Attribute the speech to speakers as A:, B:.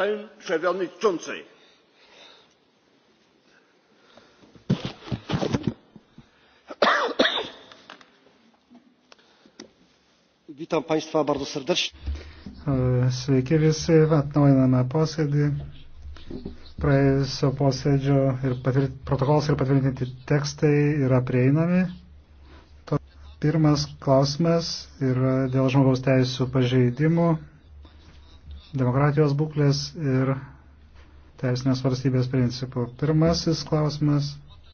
A: pan przewodniczący!
B: witam państwa bardzo serdecznie.
C: Sveiki visi, atnaujiname posėdį. Praėjusio posėdžio ir patvirt, protokolas ir patvirtinti tekstai yra prieinami. Pirmas klausimas yra dėl žmogaus teisų pažeidimų demokratijos būklės ir teisinės valstybės principų. Pirmasis klausimas